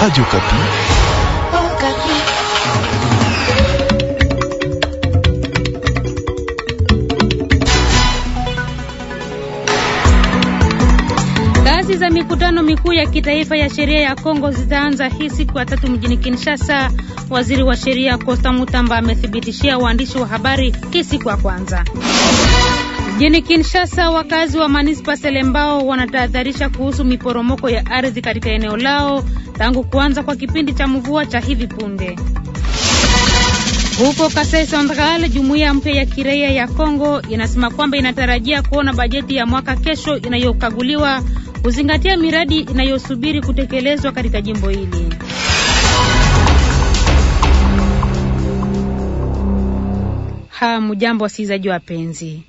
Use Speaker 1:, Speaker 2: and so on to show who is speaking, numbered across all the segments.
Speaker 1: Radio oh, Kapi.
Speaker 2: Kazi za mikutano mikuu ya kitaifa ya sheria ya Kongo zitaanza hii siku ya tatu mjini Kinshasa. Waziri wa sheria Costa Mutamba amethibitishia waandishi wa habari hii siku ya kwanza jini Kinshasa, wakazi wa manispa Selembao wanatahadharisha kuhusu miporomoko ya ardhi katika eneo lao tangu kuanza kwa kipindi cha mvua cha hivi punde. Huko Kasai Central, jumuiya mpya ya kiraia ya Kongo inasema kwamba inatarajia kuona bajeti ya mwaka kesho inayokaguliwa kuzingatia miradi inayosubiri kutekelezwa katika jimbo hili. Hamjambo wasikilizaji wapenzi.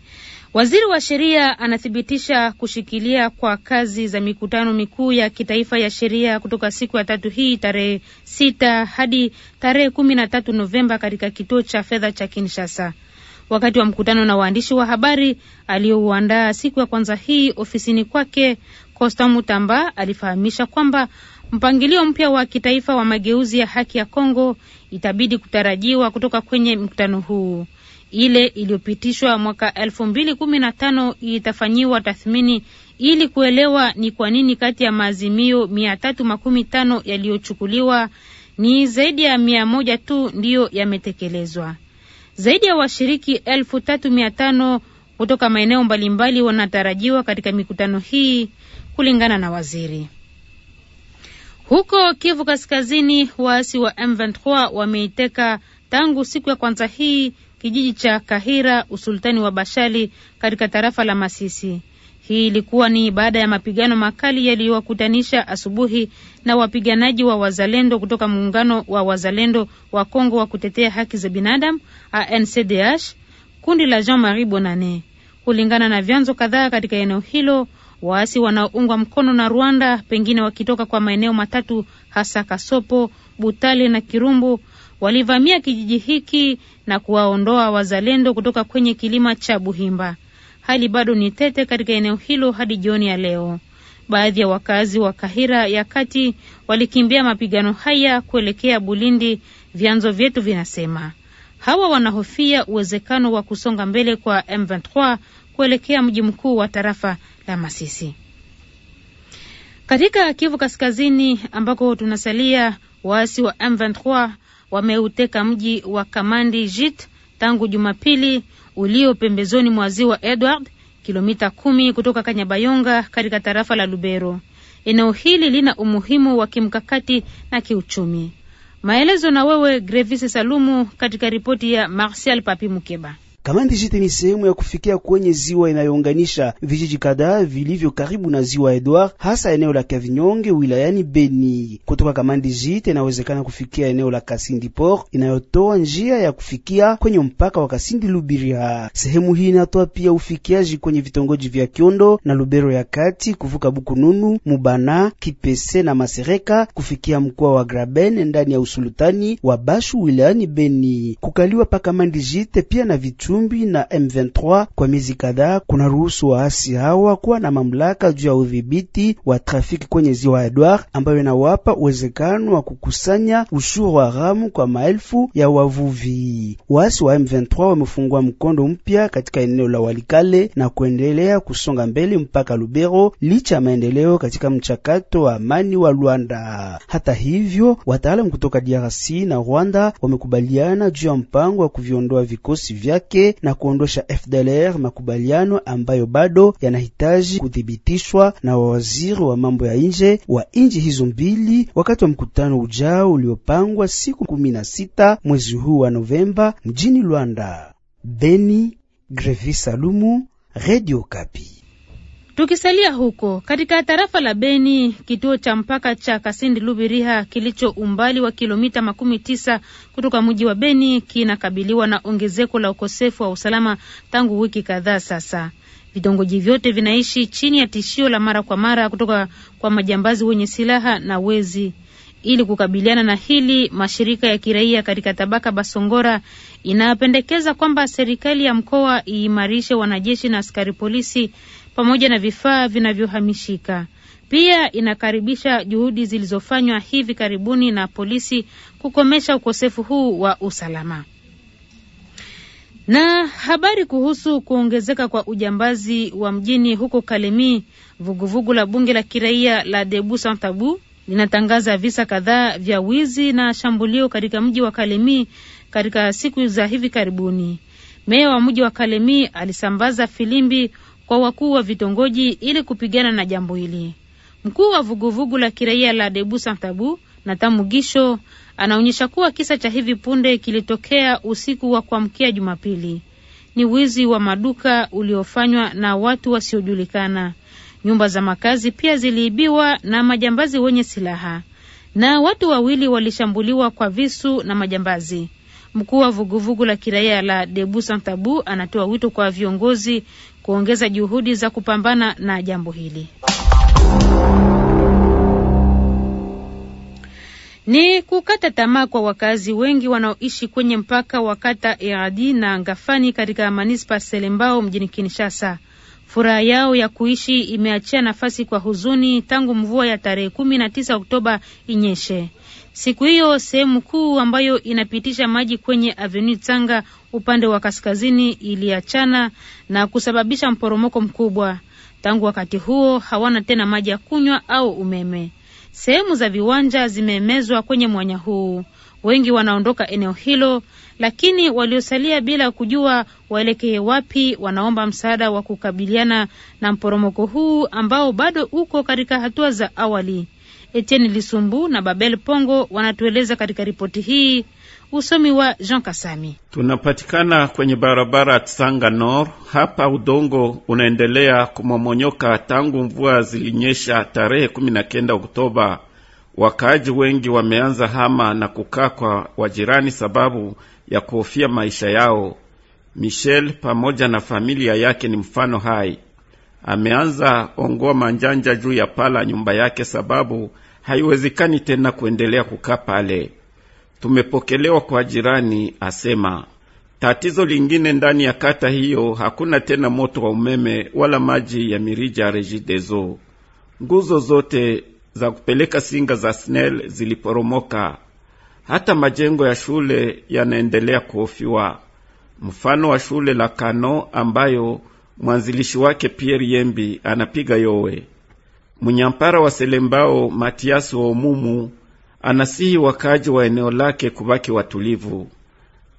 Speaker 2: Waziri wa sheria anathibitisha kushikilia kwa kazi za mikutano mikuu ya kitaifa ya sheria kutoka siku ya tatu hii tarehe sita hadi tarehe kumi na tatu Novemba katika kituo cha fedha cha Kinshasa. Wakati wa mkutano na waandishi wa habari aliyouandaa siku ya kwanza hii ofisini kwake, Costa Mutamba alifahamisha kwamba mpangilio mpya wa kitaifa wa mageuzi ya haki ya Kongo itabidi kutarajiwa kutoka kwenye mkutano huu. Ile iliyopitishwa mwaka elfu mbili kumi na tano itafanyiwa tathmini ili kuelewa ni kwa nini kati ya maazimio mia tatu makumi tano yaliyochukuliwa ni zaidi ya mia moja tu ndiyo yametekelezwa. Zaidi ya washiriki elfu tatu mia tano kutoka maeneo mbalimbali wanatarajiwa katika mikutano hii kulingana na waziri. Huko Kivu Kaskazini, waasi wa M23 wameiteka tangu siku ya kwanza hii kijiji cha Kahira, usultani wa Bashali katika tarafa la Masisi. Hii ilikuwa ni baada ya mapigano makali yaliyowakutanisha asubuhi na wapiganaji wa wazalendo kutoka muungano wa wazalendo wa Kongo wa kutetea haki za binadamu ANCDH, kundi la Jean Marie Bonane. Kulingana na vyanzo kadhaa katika eneo hilo, waasi wanaoungwa mkono na Rwanda, pengine wakitoka kwa maeneo matatu hasa Kasopo, Butale na Kirumbu, walivamia kijiji hiki na kuwaondoa wazalendo kutoka kwenye kilima cha Buhimba. Hali bado ni tete katika eneo hilo hadi jioni ya leo. Baadhi ya wakazi wa Kahira ya kati walikimbia mapigano haya kuelekea Bulindi, vyanzo vyetu vinasema. Hawa wanahofia uwezekano wa kusonga mbele kwa M23 kuelekea mji mkuu wa tarafa la Masisi. Katika Kivu Kaskazini ambako tunasalia, waasi wa M23 wameuteka mji wa Kamandi Jit tangu Jumapili, ulio pembezoni mwa ziwa Edward, kilomita kumi kutoka Kanyabayonga katika tarafa la Lubero. Eneo hili lina umuhimu wa kimkakati na kiuchumi. Maelezo na wewe Grevis Salumu katika ripoti ya Martial Papi Mukeba.
Speaker 3: Kamandi Jite ni sehemu ya kufikia kwenye ziwa inayounganisha vijiji kadhaa vilivyo karibu na ziwa Edward, hasa eneo la Kavinyonge wilayani Beni. Kutoka Kamandi Jite inawezekana kufikia eneo la Kasindi Port inayotoa njia ya kufikia kwenye mpaka wa Kasindi Lubiria. Sehemu hii inatoa pia ufikiaji kwenye vitongoji vya Kiondo na Lubero ya kati kuvuka Bukununu, Mubana, Kipese na Masereka kufikia mkoa wa Graben ndani ya usultani wa Bashu wilayani Beni. Kukaliwa pa Kamandi Jite pia na vitu Mavumbi na M23 kwa miezi kadhaa kunaruhusu waasi hawa kuwa na mamlaka juu ya udhibiti wa trafiki kwenye ziwa Edward, ambayo inawapa uwezekano wa kukusanya ushuru haramu kwa maelfu ya wavuvi. Waasi wa M23 wamefungua mkondo mpya katika eneo la Walikale na kuendelea kusonga mbele mpaka Lubero licha ya maendeleo katika mchakato wa amani wa Luanda. Hata hivyo, wataalamu kutoka DRC na Rwanda wamekubaliana juu ya mpango wa kuviondoa vikosi vyake na kuondosha FDLR, makubaliano ambayo bado yanahitaji kuthibitishwa na waziri wa mambo ya nje wa nchi hizo mbili wakati wa mkutano ujao uliopangwa siku 16 mwezi huu wa Novemba mjini Luanda. Beni, Grevi Salumu, Radio
Speaker 2: Kapi. Tukisalia huko katika tarafa la Beni, kituo cha mpaka cha Kasindi Lubiriha kilicho umbali wa kilomita makumi tisa kutoka mji wa Beni kinakabiliwa na ongezeko la ukosefu wa usalama tangu wiki kadhaa sasa. Vitongoji vyote vinaishi chini ya tishio la mara kwa mara kutoka kwa majambazi wenye silaha na wezi. Ili kukabiliana na hili, mashirika ya kiraia katika tabaka Basongora inapendekeza kwamba serikali ya mkoa iimarishe wanajeshi na askari polisi pamoja na vifaa vinavyohamishika. Pia inakaribisha juhudi zilizofanywa hivi karibuni na polisi kukomesha ukosefu huu wa usalama. Na habari kuhusu kuongezeka kwa ujambazi wa mjini huko Kalemie, vuguvugu la bunge la kiraia la Debu Santabu linatangaza visa kadhaa vya wizi na shambulio katika mji wa Kalemie katika siku za hivi karibuni. Meya wa mji wa Kalemie alisambaza filimbi kwa wakuu wa vitongoji ili kupigana na jambo hili. Mkuu wa vuguvugu la kiraia la Debu Santabu na Tamugisho anaonyesha kuwa kisa cha hivi punde kilitokea usiku wa kuamkia Jumapili. Ni wizi wa maduka uliofanywa na watu wasiojulikana. Nyumba za makazi pia ziliibiwa na majambazi wenye silaha, na watu wawili walishambuliwa kwa visu na majambazi. Mkuu wa vuguvugu la kiraia la Debu Santabu anatoa wito kwa viongozi kuongeza juhudi za kupambana na jambo hili. Ni kukata tamaa kwa wakazi wengi wanaoishi kwenye mpaka wa kata Iradi na Ngafani katika manispa Selembao mjini Kinshasa. Furaha yao ya kuishi imeachia nafasi kwa huzuni tangu mvua ya tarehe kumi na tisa Oktoba inyeshe. Siku hiyo sehemu kuu ambayo inapitisha maji kwenye Avenue Tanga upande wa kaskazini iliachana na kusababisha mporomoko mkubwa. Tangu wakati huo hawana tena maji ya kunywa au umeme. Sehemu za viwanja zimemezwa kwenye mwanya huu. Wengi wanaondoka eneo hilo, lakini waliosalia bila kujua waelekee wapi, wanaomba msaada wa kukabiliana na mporomoko huu ambao bado uko katika hatua za awali. Etienne Lisumbu na Babel Pongo wanatueleza katika ripoti hii. Usomi wa Jean Kasami.
Speaker 4: Tunapatikana kwenye barabara Tsanga Nord. Hapa udongo unaendelea kumomonyoka tangu mvua zilinyesha tarehe 19 Oktoba. Wakaaji wengi wameanza hama na kukaa kwa wajirani sababu ya kuhofia maisha yao. Michel pamoja na familia yake ni mfano hai ameanza ongoa manjanja juu ya pala nyumba yake, sababu haiwezekani tena kuendelea kukaa pale. Tumepokelewa kwa jirani, asema. Tatizo lingine ndani ya kata hiyo, hakuna tena moto wa umeme wala maji ya mirija Regideso. Nguzo zote za kupeleka singa za SNEL ziliporomoka. Hata majengo ya shule yanaendelea kuhofiwa, mfano wa shule la Kano ambayo mwanzilishi wake Pierre Yembi anapiga yowe. Munyampara wa Selembao Matiasi wa Omumu anasihi wakaji wa eneo lake kubaki watulivu.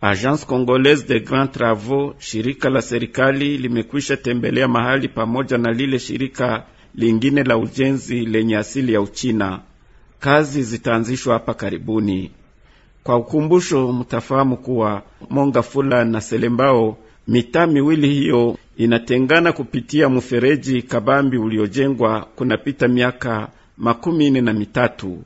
Speaker 4: Agence Congolaise de grand Travaux, shirika la serikali, limekwisha tembelea mahali pamoja na lile shirika lingine la ujenzi lenye asili ya Uchina. Kazi zitaanzishwa hapa karibuni. Kwa ukumbusho, mtafahamu kuwa Monga Fula na Selembao Mitaa miwili hiyo inatengana kupitia mfereji kabambi uliojengwa kunapita miaka makumi na mitatu.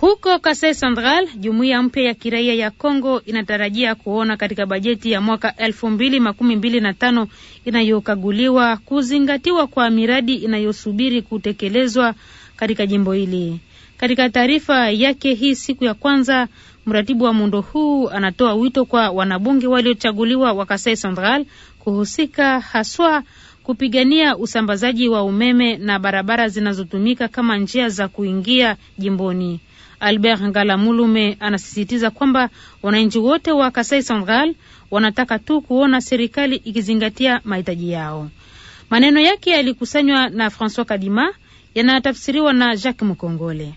Speaker 2: Huko Kasai Central, jumuiya mpya ya kiraia ya Kongo inatarajia kuona katika bajeti ya mwaka elfu mbili makumi mbili na tano inayokaguliwa kuzingatiwa kwa miradi inayosubiri kutekelezwa katika jimbo hili. Katika taarifa yake hii siku ya kwanza, Mratibu wa muundo huu anatoa wito kwa wanabunge waliochaguliwa wa Kasai Central kuhusika haswa kupigania usambazaji wa umeme na barabara zinazotumika kama njia za kuingia jimboni. Albert Ngalamulume anasisitiza kwamba wananchi wote wa Kasai Central wanataka tu kuona serikali ikizingatia mahitaji yao. Maneno yake yalikusanywa na Francois Kadima yanatafsiriwa na Jacques Mkongole.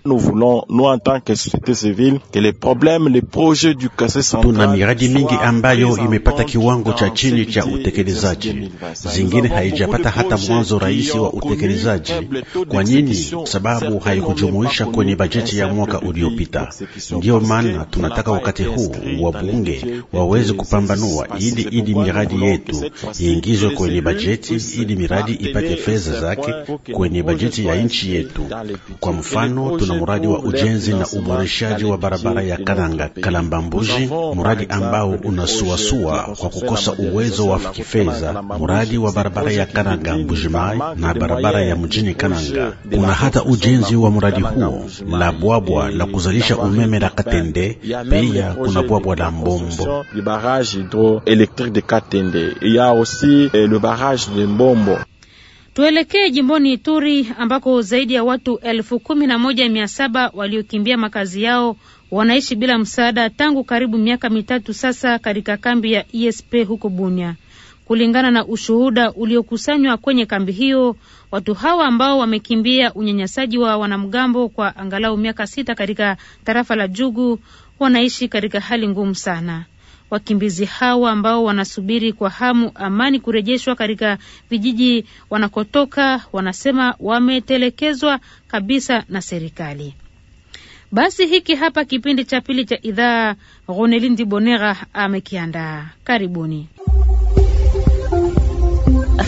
Speaker 4: Tuna miradi mingi ambayo imepata kiwango cha chini cha utekelezaji, zingine haijapata hata mwanzo rahisi wa utekelezaji. Kwa nini? Sababu haikujumuisha kwenye bajeti ya mwaka uliopita. Ndiyo maana tunataka wakati huu wabunge waweze kupambanua ili ili miradi yetu iingizwe kwenye bajeti, ili miradi ipate fedha zake kwenye bajeti ya nchi yetu.
Speaker 5: Kwa mfano, tuna mradi wa ujenzi na uboreshaji wa barabara ya Kananga Kalamba Mbuji, mradi ambao
Speaker 4: unasuasua kwa kukosa uwezo wa kifedha, mradi wa barabara ya Kananga Mbujimai Mai na barabara ya mjini Kananga. Kuna hata ujenzi wa mradi huo la bwabwa la kuzalisha umeme la Katende, pia kuna bwabwa la Mbombo. Le barrage hydroélectrique de Katende. Il y a aussi eh, le barrage de Mbombo.
Speaker 2: Tuelekee jimboni Ituri ambako zaidi ya watu elfu kumi na moja mia saba waliokimbia makazi yao wanaishi bila msaada tangu karibu miaka mitatu sasa katika kambi ya ESP huko Bunia. Kulingana na ushuhuda uliokusanywa kwenye kambi hiyo, watu hawa ambao wamekimbia unyanyasaji wa wanamgambo kwa angalau miaka sita katika tarafa la Jugu wanaishi katika hali ngumu sana. Wakimbizi hawa ambao wanasubiri kwa hamu amani kurejeshwa katika vijiji wanakotoka, wanasema wametelekezwa kabisa na serikali. Basi hiki hapa kipindi cha pili cha idhaa. Ronelindi Bonera amekiandaa. Karibuni.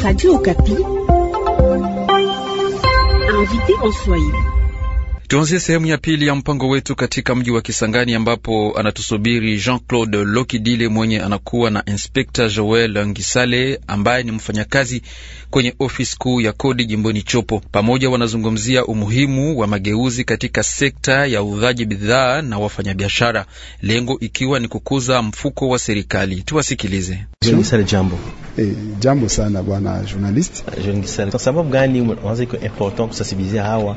Speaker 5: Radio Okapi invité en Swahili.
Speaker 6: Tuanzie sehemu ya pili ya mpango wetu katika mji wa Kisangani ambapo anatusubiri Jean-Claude Lokidile mwenye anakuwa na Inspekta Joel Ngisale ambaye ni mfanyakazi kwenye ofisi kuu ya kodi jimboni Chopo. Pamoja wanazungumzia umuhimu wa mageuzi katika sekta ya uuzaji bidhaa na wafanyabiashara, lengo ikiwa ni kukuza mfuko wa serikali. Tuwasikilize.
Speaker 1: Jambo. E, jambo sana bwana journalist. Kwa sababu gani unaanza iko important kusensibilizia hawa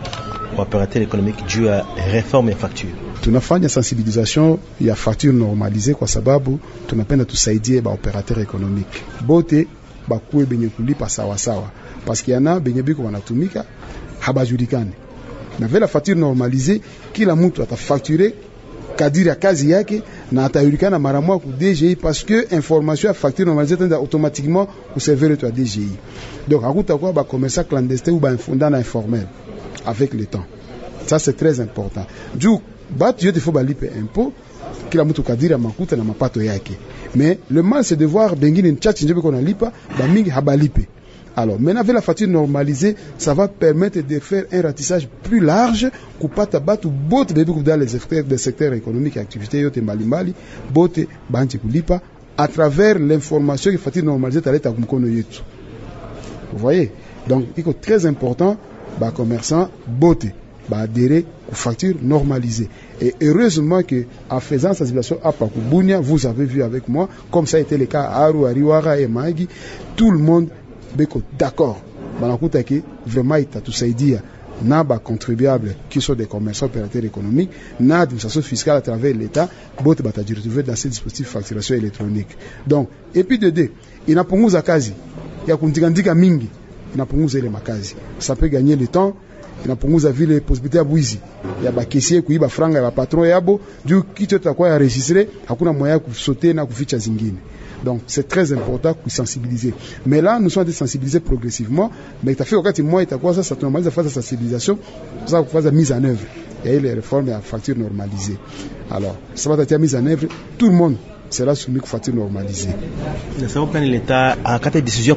Speaker 1: operateur economique juu ya reforme ya facture? Tunafanya sensibilisation ya facture normalisée kwa sababu tunapenda tusaidie ba operateur economique bote bakuwe benye kulipa sawasawa, paske yana benye biko wanatumika habajulikani na vela facture normalisée, kila mtu atafacturer kadiri ya kazi yake na atajulikana mara moja ku DGI parce que information ya facture normalisée tenda automatiquement ku serveur de DGI. Donc kwa ba commerçant clandestin ou ba infondana informel avec le temps. Ça c'est très important. Du batu yote faut balipe impôt kila mtu kadiri makuta na mapato yake. Mais le mal c'est de voir bengine nchachi njebe kona lipa ba mingi habalipe. Alors maintenant, avec la facture normalisée, ça va permettre de faire un ratissage plus large, kupata batu bote bebi dans les secteurs, secteurs économiques et activités yote à travers l'information que facture normalisée taleta kumkono yetu. Vous voyez Donc, il est très important, bah, commerçants, bote, bah, adhérer aux factures normalisées. Et heureusement que, en faisant situation à Pakubunia, vous avez vu avec moi, comme ça a été le cas à Aru, Ariwara et Magi, tout le monde beko d'accord balakutaki vraiment itatusaidia na bacontribuable qui sont des commerçants opérateurs économiques na administration fiscale à travers l'état bote bataji retrouve dans ce dispositif facturation électronique donc et puis de deux il inapunguza kazi ya kundikandika mingi inapunguza ile makazi ça peut gagner le temps il inapunguza vile posibilite ya bwizi ya bakesie kuiba franga ya bapatron yabo juu kitu itakuwa ya registre hakuna mwaya kusote na kuficha bah, bah, bah, zingine donc c'est très important de sensibiliser. Mais là nous sommes en de sensibiliser progressivement, mais quoi ça ça itakuwa normalise tunamaliza fasi la sensibilisation, sasa la mise en œuvre les réformes réformes la facture normalisée. Alors, ça va être mis en œuvre, tout le monde sera soumis aux facture normalisée. le sababu que l'État a les normalisées. normalisées.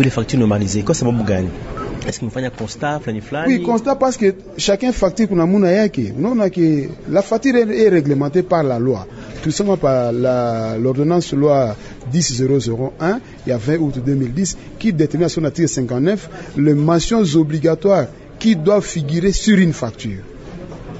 Speaker 1: ça ça facture normalisée? gagner Est-ce qu'il un constat un constat Oui, constat parce que chacun facture une facture. yake. que la facture est réglementée par la loi tout simplement par l'ordonnance loi 10.001, il y a 20 août 2010, qui détermine à son article 59 les mentions obligatoires qui doivent figurer sur une facture.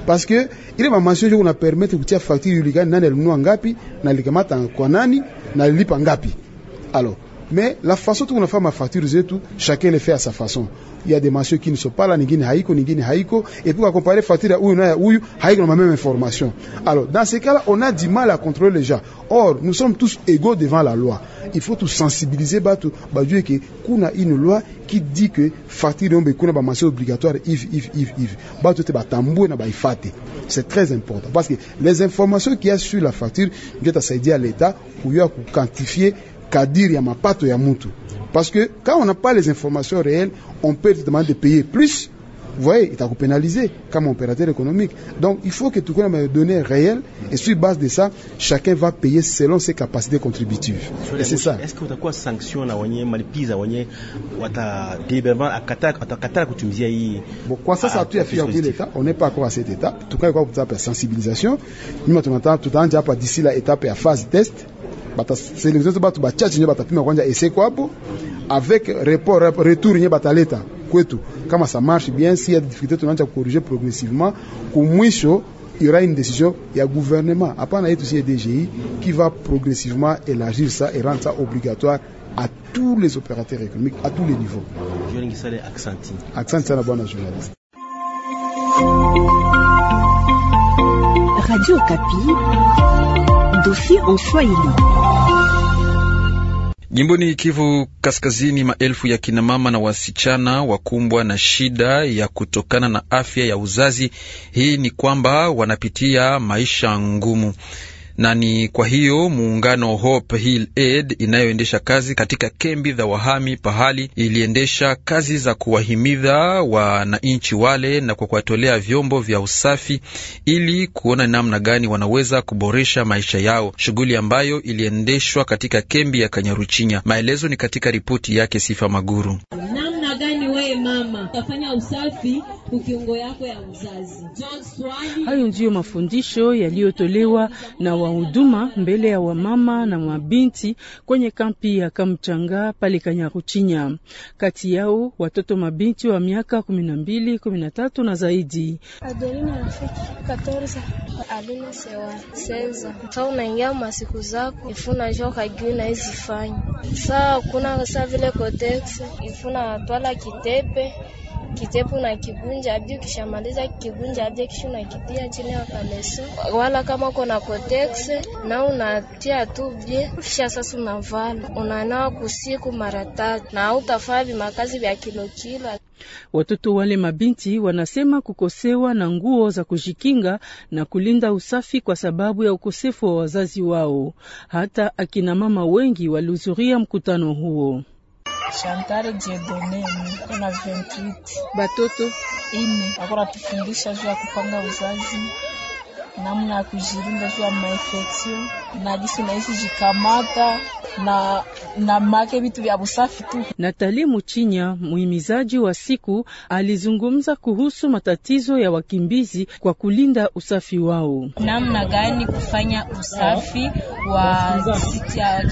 Speaker 1: parce que il mention a njo que kutia facture yulikani nani alinunua ngapi na likamata Kwanani, nani na lipangapi. ngapi alors mais la façon dont femme fait ma tout, chacun le fait à sa façon. Il y a des messieurs qui ne sont pas là, ni haiko, comparer haiko, et puis à comparer fatura huyu na haiko même information. Alors, dans ces cas-là, on a du mal à contrôler les gens. Or, nous sommes tous égaux devant la loi. Il faut tout sensibiliser batu qu'il que a une loi qui dit que la ombe kuna ba obligatoire if if if if. na C'est très important parce que les informations qu'il y a sur la facture, Dieu t'a à l'État pour quantifier kadiri ya mapato ya mtu. Parce que quand on n'a pas les informations réelles, on peut demander de payer plus. Vous voyez, il t'a pénalisé comme opérateur économique. Donc, il faut que tout tu connaisses des données réelles et sur base de ça, chacun va payer selon ses capacités contributives. Et c'est ça.
Speaker 4: Est-ce que quoi sanction na wenye à wenye à deliberement akataka tu me disais Bon, quoi ça ça sasa à kule
Speaker 1: l'État. on n'est pas encore à cette étape. tout cas Tukae pour kutapa sensibilisation. nous maintenant tout le temps déjà pas d'ici la étape à phase test bataselekte tu batu bachache nye batapima kwanja ese kwapo avec report retour nye bataleta kwetu, kama ça marche bien, si ya difficulté tunaanza corrigé progressivement. Kumwisho il y aura une décision ya gouvernement, a aussi le DGI qui va progressivement élargir ça et rendre ça obligatoire à tous les opérateurs économiques à tous les niveaux.
Speaker 4: c'est
Speaker 1: sana bwana journaliste.
Speaker 5: Radio Kapi, dossier en Swahili.
Speaker 6: Jimboni Kivu Kaskazini, maelfu ya kinamama na wasichana wakumbwa na shida ya kutokana na afya ya uzazi. Hii ni kwamba wanapitia maisha ngumu na ni kwa hiyo muungano Hope Hill Aid inayoendesha kazi katika kembi za wahami pahali iliendesha kazi za kuwahimidha wananchi wale na kwa kuwatolea vyombo vya usafi ili kuona namna gani wanaweza kuboresha maisha yao, shughuli ambayo iliendeshwa katika kembi ya Kanyaruchinya. Maelezo ni katika ripoti yake Sifa Maguru
Speaker 5: utafanya usafi ukiungo yako ya uzazi. Hayo ndiyo mafundisho yaliyotolewa na wahuduma mbele ya wamama na mabinti kwenye kampi ya Kamchanga pale Kanyaruchinya. Kati yao watoto mabinti wa miaka kumi na mbili, kumi na tatu na zaidi.
Speaker 2: Saa kuna saa vile kotex ifuna twala kitepe kitepu na unakivunja hadi ukishamaliza kukivunja hadi kisha unakitia chini ya leso, wala kama uko na kotex na unatia tu bie, kisha sasa unavala unanawa kusiku mara tatu na hautafaa vimakazi vya kilokilo.
Speaker 5: Watoto wale mabinti wanasema kukosewa na nguo za kujikinga na kulinda usafi kwa sababu ya ukosefu wa wazazi wao. Hata akina mama wengi walihudhuria mkutano huo. Chantal Dieudonne niko na 28 batoto ine, akora tufundisha juu ya kupanga uzazi namna ya kujilinda juu ya na jinsi unaweza jikamata na na make vitu vya usafi tu. Natali Muchinya, muhimizaji wa siku, alizungumza kuhusu matatizo ya wakimbizi kwa kulinda usafi wao.
Speaker 2: Namna gani kufanya usafi wa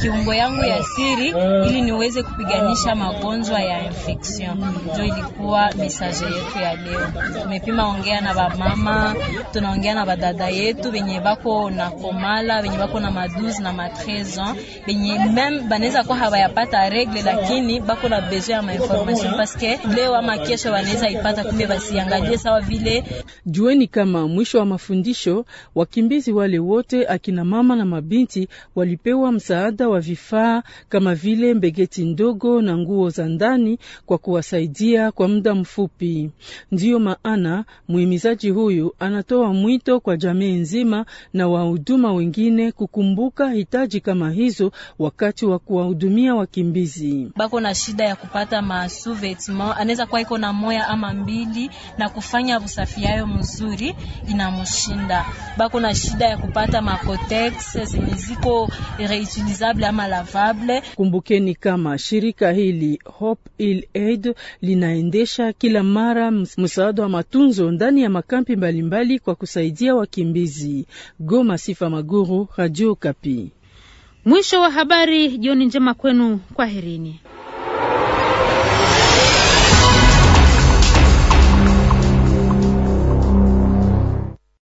Speaker 2: kiungo yangu ya siri ili niweze kupiganisha magonjwa ya infection. Ndio ilikuwa message yetu ya leo. Tumepima ongea na bamama, tunaongea na badada yetu venye bako na komala venye bako na ma12 na ma13 ans venye meme banaweza kuwa hawayapata regle, lakini bako na besoin ya information mainformation paske leo ama kesho wanaweza ipata, kumbe basiangalie sawa vile.
Speaker 5: Jueni kama mwisho wa mafundisho, wakimbizi wale wote akina mama na mabinti walipewa msaada wa vifaa kama vile mbegeti ndogo na nguo za ndani kwa kuwasaidia kwa muda mfupi. Ndiyo maana muhimizaji huyu anatoa mwito kwa jamii jamii nzima na wahuduma wengine kukumbuka hitaji kama hizo wakati wa kuwahudumia wakimbizi.
Speaker 2: Bako na shida ya kupata masu anaweza kuwa iko na moya ama mbili na kufanya usafi yayo mzuri inamshinda. Bako na shida ya kupata makotex zenye ziko reutilizable ama
Speaker 5: lavable. Kumbukeni kama shirika hili Hope Il Aid linaendesha kila mara msaada wa matunzo ndani ya makampi mbalimbali mbali kwa kusaidia wakimbizi wakimbizi. Goma, Sifa Maguru, Radio Kapi.
Speaker 2: Mwisho wa habari. Jioni njema kwenu, kwaherini.